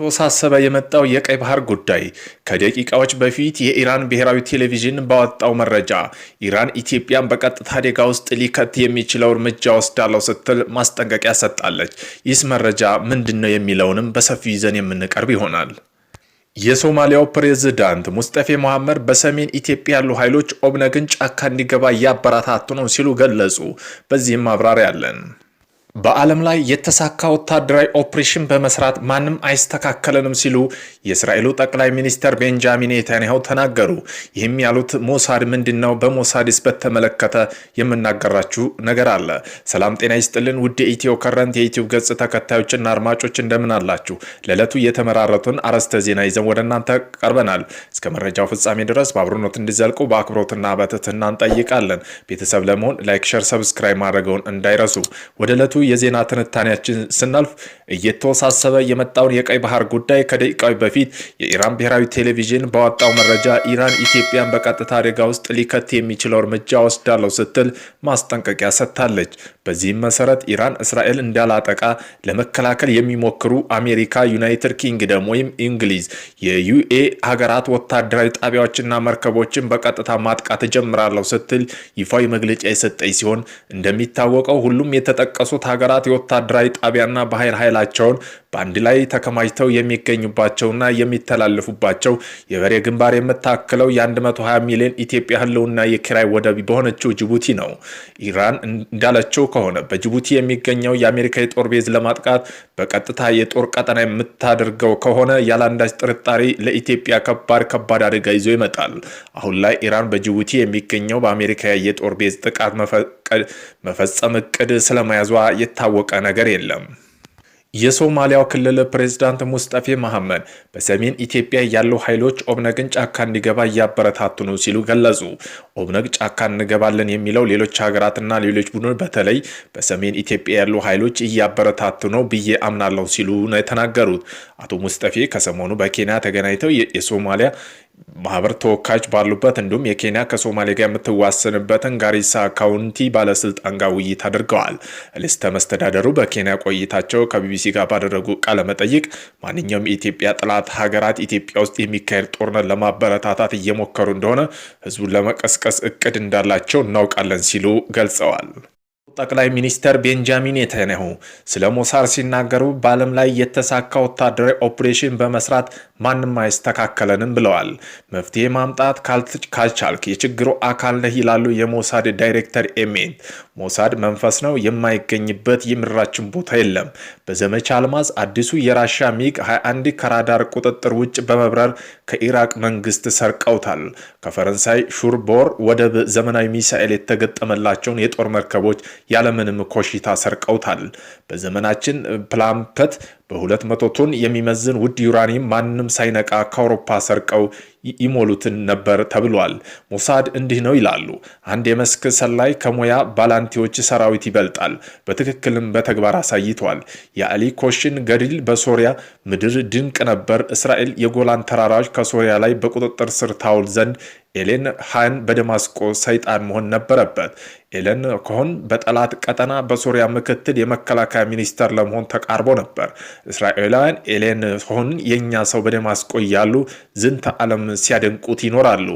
ተወሳሰበ የመጣው የቀይ ባህር ጉዳይ ከደቂቃዎች በፊት የኢራን ብሔራዊ ቴሌቪዥን ባወጣው መረጃ ኢራን ኢትዮጵያን በቀጥታ አደጋ ውስጥ ሊከት የሚችለው እርምጃ ወስዳለው ስትል ማስጠንቀቂያ ሰጣለች። ይህስ መረጃ ምንድን ነው የሚለውንም በሰፊው ይዘን የምንቀርብ ይሆናል። የሶማሊያው ፕሬዝዳንት ሙስጠፌ መሐመድ በሰሜን ኢትዮጵያ ያሉ ኃይሎች ኦብነግን ጫካ እንዲገባ እያበረታቱ ነው ሲሉ ገለጹ። በዚህም ማብራሪያ አለን። በዓለም ላይ የተሳካ ወታደራዊ ኦፕሬሽን በመስራት ማንም አይስተካከለንም ሲሉ የእስራኤሉ ጠቅላይ ሚኒስትር ቤንጃሚን ኔታንያሁ ተናገሩ። ይህም ያሉት ሞሳድ ምንድን ነው? በሞሳድስ በተመለከተ የምናገራችሁ ነገር አለ። ሰላም ጤና ይስጥልን ውድ የኢትዮ ከረንት የዩትዩብ ገጽ ተከታዮችና አድማጮች እንደምን አላችሁ? ለዕለቱ የተመራረቱን አርዕስተ ዜና ይዘን ወደ እናንተ ቀርበናል። እስከ መረጃው ፍጻሜ ድረስ በአብሮነት እንዲዘልቁ በአክብሮትና በትህትና እንጠይቃለን። ቤተሰብ ለመሆን ላይክ፣ ሸር፣ ሰብስክራይብ ማድረገውን እንዳይረሱ። ወደ ዕለቱ የዜና ትንታኔያችን ስናልፍ እየተወሳሰበ የመጣውን የቀይ ባህር ጉዳይ ከደቂቃዊ በፊት የኢራን ብሔራዊ ቴሌቪዥን በወጣው መረጃ ኢራን ኢትዮጵያን በቀጥታ አደጋ ውስጥ ሊከት የሚችለው እርምጃ ወስዳለው ስትል ማስጠንቀቂያ ሰጥታለች። በዚህም መሰረት ኢራን እስራኤል እንዳላጠቃ ለመከላከል የሚሞክሩ አሜሪካ፣ ዩናይትድ ኪንግደም ወይም እንግሊዝ የዩኤ ሀገራት ወታደራዊ ጣቢያዎችና መርከቦችን በቀጥታ ማጥቃት እጀምራለሁ ስትል ይፋዊ መግለጫ የሰጠች ሲሆን እንደሚታወቀው ሁሉም የተጠቀሱት ሀገራት የወታደራዊ ጣቢያና ባህር ኃይላቸውን በአንድ ላይ ተከማችተው የሚገኙባቸውና የሚተላለፉባቸው የበሬ ግንባር የምታክለው የ120 ሚሊዮን ኢትዮጵያ ህልውና የኪራይ ወደብ በሆነችው ጅቡቲ ነው። ኢራን እንዳለችው ከሆነ በጅቡቲ የሚገኘው የአሜሪካ የጦር ቤዝ ለማጥቃት በቀጥታ የጦር ቀጠና የምታደርገው ከሆነ ያለአንዳች ጥርጣሬ ለኢትዮጵያ ከባድ ከባድ አደጋ ይዞ ይመጣል። አሁን ላይ ኢራን በጅቡቲ የሚገኘው በአሜሪካ የጦር ቤዝ ጥቃት እቅድ መፈጸም እቅድ ስለመያዟ የታወቀ ነገር የለም። የሶማሊያው ክልል ፕሬዝዳንት ሙስጠፌ መሐመድ በሰሜን ኢትዮጵያ ያሉ ኃይሎች ኦብነግን ጫካ እንዲገባ እያበረታቱ ነው ሲሉ ገለጹ። ኦብነግ ጫካ እንገባለን የሚለው ሌሎች ሀገራትና ሌሎች ቡድኖች በተለይ በሰሜን ኢትዮጵያ ያሉ ኃይሎች እያበረታቱ ነው ብዬ አምናለሁ ሲሉ ነው የተናገሩት። አቶ ሙስጠፌ ከሰሞኑ በኬንያ ተገናኝተው የሶማሊያ ማህበር ተወካዮች ባሉበት እንዲሁም የኬንያ ከሶማሌ ጋር የምትዋሰንበትን ጋሪሳ ካውንቲ ባለስልጣን ጋር ውይይት አድርገዋል። ሊስተር መስተዳደሩ በኬንያ ቆይታቸው ከቢቢሲ ጋር ባደረጉ ቃለመጠይቅ ማንኛውም የኢትዮጵያ ጠላት ሀገራት ኢትዮጵያ ውስጥ የሚካሄድ ጦርነት ለማበረታታት እየሞከሩ እንደሆነ ህዝቡን ለመቀስቀስ እቅድ እንዳላቸው እናውቃለን ሲሉ ገልጸዋል። ጠቅላይ ሚኒስተር ቤንጃሚን ኔታንያሁ ስለ ሞሳድ ሲናገሩ በዓለም ላይ የተሳካ ወታደራዊ ኦፕሬሽን በመስራት ማንም አይስተካከለንም ብለዋል። መፍትሄ ማምጣት ካልቻልክ የችግሩ አካል ነህ ይላሉ የሞሳድ ዳይሬክተር ኤሜን። ሞሳድ መንፈስ ነው የማይገኝበት የምድራችን ቦታ የለም። በዘመቻ አልማዝ አዲሱ የራሻ ሚግ 21 ከራዳር ቁጥጥር ውጭ በመብረር ከኢራቅ መንግስት ሰርቀውታል። ከፈረንሳይ ሹርቦር ወደብ ዘመናዊ ሚሳኤል የተገጠመላቸውን የጦር መርከቦች ያለምንም ኮሽታ ሰርቀውታል። በዘመናችን ፕላምፐት በ200 ቶን የሚመዝን ውድ ዩራኒየም ማንም ሳይነቃ ከአውሮፓ ሰርቀው ይሞሉትን ነበር ተብሏል። ሞሳድ እንዲህ ነው ይላሉ። አንድ የመስክ ሰላይ ከሙያ ባላንቲዎች ሰራዊት ይበልጣል። በትክክልም በተግባር አሳይቷል። የአሊ ኮሽን ገድል በሶሪያ ምድር ድንቅ ነበር። እስራኤል የጎላን ተራራዎች ከሶሪያ ላይ በቁጥጥር ስር ታውል ዘንድ ኤሌን ሃን በደማስቆ ሰይጣን መሆን ነበረበት። ኤሌን ኮሆን በጠላት ቀጠና በሶሪያ ምክትል የመከላከያ ሚኒስተር ለመሆን ተቃርቦ ነበር። እስራኤላውያን ኤሌን ሆን የእኛ ሰው በደማስቆ እያሉ ዝንተ ዓለም ሲያደንቁት ይኖራሉ።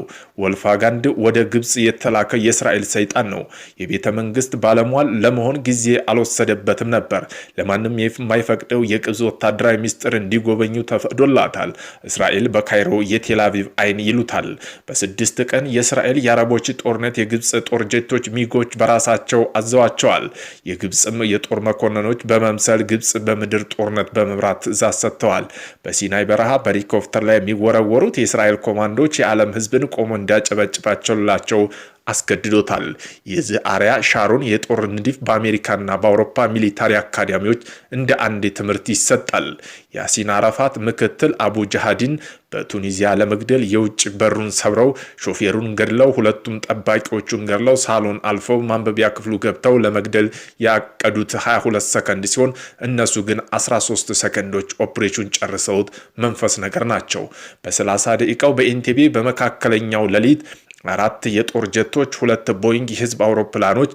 ወልፋጋንድ ወደ ግብፅ የተላከ የእስራኤል ሰይጣን ነው። የቤተ መንግስት ባለሟል ለመሆን ጊዜ አልወሰደበትም ነበር። ለማንም የማይፈቅደው የቅብፅ ወታደራዊ ሚስጥር እንዲጎበኙ ተፈቅዶላታል። እስራኤል በካይሮ የቴላቪቭ አይን ይሉታል። በስድ ስድስት ቀን የእስራኤል የአረቦች ጦርነት የግብፅ ጦር ጀቶች ሚጎች በራሳቸው አዘዋቸዋል። የግብፅም የጦር መኮንኖች በመምሰል ግብፅ በምድር ጦርነት በመምራት ትእዛዝ ሰጥተዋል። በሲናይ በረሃ በሄሊኮፕተር ላይ የሚወረወሩት የእስራኤል ኮማንዶች የዓለም ሕዝብን ቆሞ እንዲያጨበጭባቸውላቸው አስገድዶታል። የዚህ አርያ ሻሮን የጦር ንድፍ በአሜሪካና በአውሮፓ ሚሊታሪ አካዳሚዎች እንደ አንድ ትምህርት ይሰጣል። ያሲን አረፋት ምክትል አቡ ጃሃዲን በቱኒዚያ ለመግደል የውጭ በሩን ሰብረው ሾፌሩን ገድለው ሁለቱም ጠባቂዎቹን ገድለው ሳሎን አልፈው ማንበቢያ ክፍሉ ገብተው ለመግደል ያቀዱት 22 ሰከንድ ሲሆን እነሱ ግን 13 ሰከንዶች ኦፕሬሽን ጨርሰውት መንፈስ ነገር ናቸው። በ30 ደቂቃው በኢንቴቤ በመካከለኛው ሌሊት አራት የጦር ጀቶች፣ ሁለት ቦይንግ የህዝብ አውሮፕላኖች፣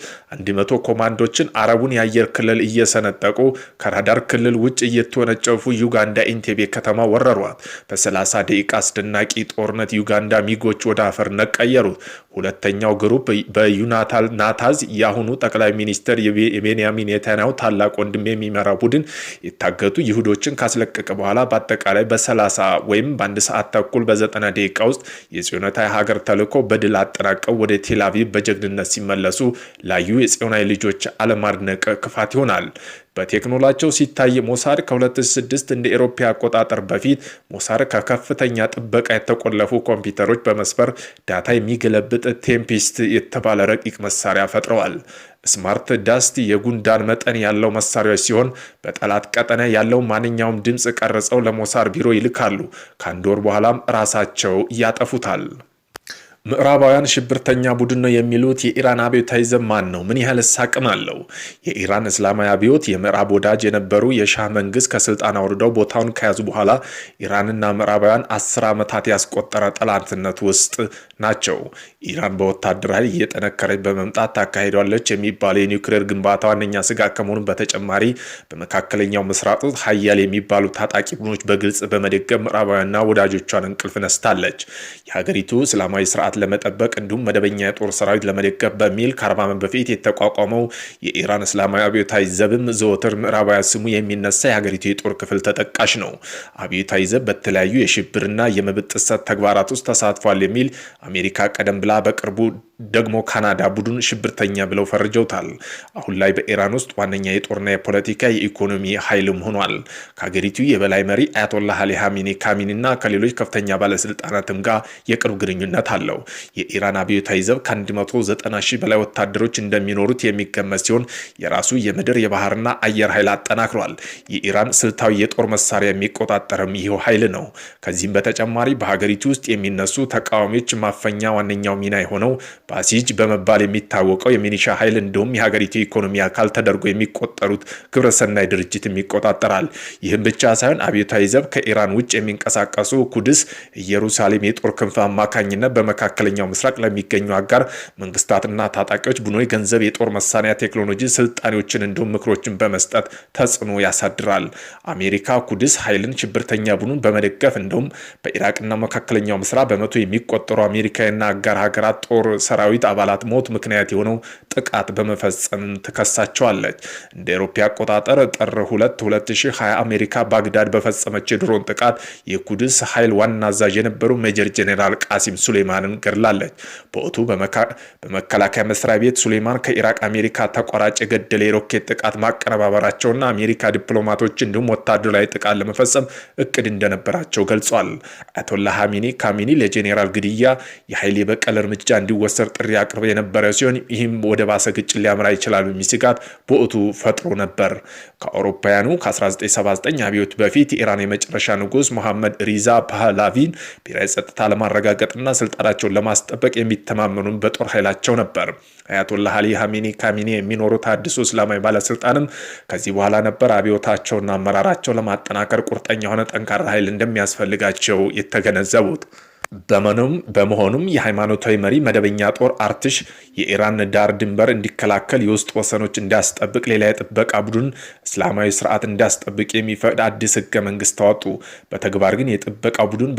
100 ኮማንዶችን አረቡን የአየር ክልል እየሰነጠቁ ከራዳር ክልል ውጭ እየተወነጨፉ ዩጋንዳ ኢንቴቤ ከተማ ወረሯት። በ30 ደቂቃ አስደናቂ ጦርነት ዩጋንዳ ሚጎች ወደ አፈርነት ቀየሩት። ሁለተኛው ግሩፕ በዩናታል ናታዝ የአሁኑ ጠቅላይ ሚኒስትር የቤንያሚን ኔታንያሁ ታላቅ ወንድም የሚመራ ቡድን የታገቱ ይሁዶችን ካስለቀቀ በኋላ በአጠቃላይ በ30 ወይም በአንድ ሰዓት ተኩል በ90 ደቂቃ ውስጥ የጽዮነታዊ ሀገር በ በድል አጠናቀው ወደ ቴልአቪቭ በጀግንነት ሲመለሱ ላዩ የጽዮናዊ ልጆች አለማድነቅ ክፋት ይሆናል። በቴክኖላቸው ሲታይ ሞሳድ ከ2006 እንደ ኤሮፓ አቆጣጠር በፊት ሞሳድ ከከፍተኛ ጥበቃ የተቆለፉ ኮምፒውተሮች በመስፈር ዳታ የሚገለብጥ ቴምፔስት የተባለ ረቂቅ መሳሪያ ፈጥረዋል። ስማርት ዳስት የጉንዳን መጠን ያለው መሳሪያዎች ሲሆን በጠላት ቀጠና ያለው ማንኛውም ድምፅ ቀርጸው ለሞሳድ ቢሮ ይልካሉ። ከአንድ ወር በኋላም ራሳቸው ያጠፉታል። ምዕራባውያን ሽብርተኛ ቡድን ነው የሚሉት የኢራን አብዮታዊ ዘብ ማን ነው? ምን ያህል አቅም አለው? የኢራን እስላማዊ አብዮት የምዕራብ ወዳጅ የነበሩ የሻህ መንግስት ከስልጣን አውርደው ቦታውን ከያዙ በኋላ ኢራንና ምዕራባውያን አስር ዓመታት ያስቆጠረ ጠላትነት ውስጥ ናቸው። ኢራን በወታደር ኃይል እየጠነከረች በመምጣት ታካሂዷለች የሚባለው የኒውክሌር ግንባታ ዋነኛ ስጋት ከመሆኑ በተጨማሪ በመካከለኛው ምስራቅ ሀያል የሚባሉ ታጣቂ ቡድኖች በግልጽ በመደገብ ምዕራባውያንና ወዳጆቿን እንቅልፍ ነስታለች። የሀገሪቱ እስላማዊ ስርዓት ስርዓት ለመጠበቅ እንዲሁም መደበኛ የጦር ሰራዊት ለመደገፍ በሚል ከአርባ ዓመት በፊት የተቋቋመው የኢራን እስላማዊ አብዮታዊ ዘብም ዘወትር ምዕራባዊ ስሙ የሚነሳ የሀገሪቱ የጦር ክፍል ተጠቃሽ ነው። አብዮታዊ ዘብ በተለያዩ የሽብርና የመብት ጥሰት ተግባራት ውስጥ ተሳትፏል የሚል አሜሪካ ቀደም ብላ በቅርቡ ደግሞ ካናዳ ቡድን ሽብርተኛ ብለው ፈርጀውታል። አሁን ላይ በኢራን ውስጥ ዋነኛ የጦርና የፖለቲካ የኢኮኖሚ ኃይልም ሆኗል። ከሀገሪቱ የበላይ መሪ አያቶላ አሊ ሀሚኒ ካሚኒና ከሌሎች ከፍተኛ ባለስልጣናትም ጋር የቅርብ ግንኙነት አለው። ነው። የኢራን አብዮታዊ ዘብ ከ190 ሺህ በላይ ወታደሮች እንደሚኖሩት የሚገመት ሲሆን የራሱ የምድር የባህርና አየር ኃይል አጠናክሯል። የኢራን ስልታዊ የጦር መሳሪያ የሚቆጣጠርም ይህው ኃይል ነው። ከዚህም በተጨማሪ በሀገሪቱ ውስጥ የሚነሱ ተቃዋሚዎች ማፈኛ ዋነኛው ሚና የሆነው ባሲጅ በመባል የሚታወቀው የሚኒሻ ኃይል እንዲሁም የሀገሪቱ ኢኮኖሚ አካል ተደርጎ የሚቆጠሩት ግብረሰናይ ድርጅት ይቆጣጠራል። ይህም ብቻ ሳይሆን አብዮታዊ ዘብ ከኢራን ውጭ የሚንቀሳቀሱ ኩድስ፣ ኢየሩሳሌም የጦር ክንፍ አማካኝነት በመካ መካከለኛው ምስራቅ ለሚገኙ አጋር መንግስታትና ታጣቂዎች ቡድኖች ገንዘብ፣ የጦር መሳሪያ፣ ቴክኖሎጂ፣ ስልጣኔዎችን እንዲሁም ምክሮችን በመስጠት ተጽዕኖ ያሳድራል። አሜሪካ ኩድስ ኃይልን ሽብርተኛ ቡድኑን በመደገፍ እንዲሁም በኢራቅና መካከለኛው ምስራቅ በመቶ የሚቆጠሩ አሜሪካና አጋር ሀገራት ጦር ሰራዊት አባላት ሞት ምክንያት የሆነው ጥቃት በመፈጸም ትከሳቸዋለች። እንደ አውሮፓ አቆጣጠር ጥር 2 2020 አሜሪካ ባግዳድ በፈጸመች የድሮን ጥቃት የኩድስ ኃይል ዋና አዛዥ የነበሩ ሜጀር ጄኔራል ቃሲም ሱሌማንን መሆኑን ገድላለች። በወቅቱ በመከላከያ መስሪያ ቤት ሱሌማን ከኢራቅ አሜሪካ ተቋራጭ የገደለ የሮኬት ጥቃት ማቀነባበራቸውና አሜሪካ ዲፕሎማቶች እንዲሁም ወታደራዊ ጥቃት ለመፈጸም እቅድ እንደነበራቸው ገልጿል። አያቶላ ሀሚኒ ካሚኒ ለጄኔራል ግድያ የኃይል የበቀል እርምጃ እንዲወሰድ ጥሪ አቅርበ የነበረ ሲሆን ይህም ወደ ባሰ ግጭት ሊያመራ ይችላል በሚል ስጋት በወቅቱ ፈጥሮ ነበር። ከአውሮፓውያኑ ከ1979 አብዮት በፊት የኢራን የመጨረሻ ንጉስ መሐመድ ሪዛ ፓህላቪን ብሔራዊ ጸጥታ ለማረጋገጥና ስልጣናቸው መብታቸውን ለማስጠበቅ የሚተማመኑን በጦር ኃይላቸው ነበር። አያቶላህ አሊ ሀሚኒ ካሚኒ የሚኖሩት አዲሱ እስላማዊ ባለስልጣንም ከዚህ በኋላ ነበር አብዮታቸውና አመራራቸው ለማጠናከር ቁርጠኛ የሆነ ጠንካራ ኃይል እንደሚያስፈልጋቸው የተገነዘቡት። በመሆኑም የሃይማኖታዊ መሪ መደበኛ ጦር አርትሽ የኢራን ዳር ድንበር እንዲከላከል የውስጥ ወሰኖች እንዲያስጠብቅ ሌላ የጥበቃ ቡድን እስላማዊ ስርዓት እንዲያስጠብቅ የሚፈቅድ አዲስ ህገ መንግስት ታወጡ። በተግባር ግን የጥበቃ ቡድን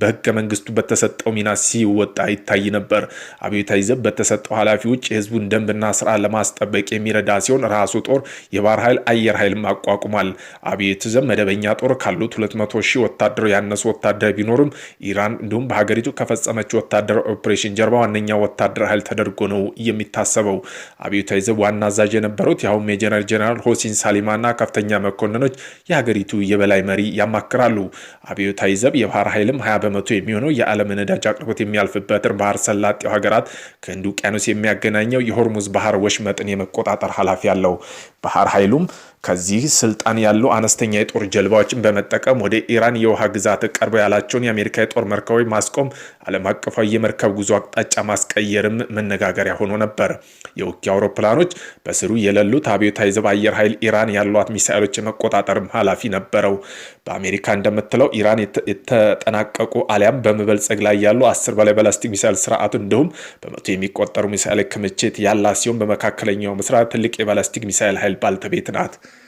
በህገ መንግስቱ በተሰጠው ሚና ሲወጣ ይታይ ነበር። አብዮታዊ ዘብ በተሰጠው ኃላፊ ውጭ የህዝቡን ደንብና ስራ ለማስጠበቅ የሚረዳ ሲሆን ራሱ ጦር የባህር ኃይል፣ አየር ኃይልም አቋቁሟል። አብዮት ዘብ መደበኛ ጦር ካሉት 200 ሺህ ወታደሮች ያነሱ ወታደር ቢኖርም ኢራን እንዲሁም በሀገሪቱ ከፈጸመች ወታደራዊ ኦፕሬሽን ጀርባ ዋነኛ ወታደር ኃይል ተደርጎ ነው የሚታሰበው። አብዮታዊ ዘብ ዋና አዛዥ የነበሩት ያሁን ሜጀር ጀነራል ሆሲን ሳሊማና ከፍተኛ መኮንኖች የሀገሪቱ የበላይ መሪ ያማክራሉ። አብዮታዊ ዘብ የባህር ኃይልም 20 በመቶ የሚሆነው የዓለም ነዳጅ አቅርቦት የሚያልፍበትን ባህር ሰላጤው ሀገራት ከህንድ ውቅያኖስ የሚያገናኘው የሆርሙዝ ባህር ወሽመጥን የመቆጣጠር ኃላፊ አለው። ባህር ኃይሉም ከዚህ ስልጣን ያሉ አነስተኛ የጦር ጀልባዎችን በመጠቀም ወደ ኢራን የውሃ ግዛት ቀርበው ያላቸውን የአሜሪካ የጦር መርከቦች ወታደራዊ ማስቆም ዓለም አቀፋዊ የመርከብ ጉዞ አቅጣጫ ማስቀየርም መነጋገሪያ ሆኖ ነበር። የውጊያ አውሮፕላኖች በስሩ የሌሉት አብዮታዊ ዘብ አየር ኃይል ኢራን ያሏት ሚሳኤሎች የመቆጣጠርም ኃላፊ ነበረው። በአሜሪካ እንደምትለው ኢራን የተጠናቀቁ አሊያም በመበልጸግ ላይ ያሉ አስር በላይ ባላስቲክ ሚሳይል ስርዓቱ እንዲሁም በመቶ የሚቆጠሩ ሚሳኤል ክምችት ያላት ሲሆን በመካከለኛው ምስራቅ ትልቅ የባላስቲክ ሚሳኤል ኃይል ባልተቤት ናት።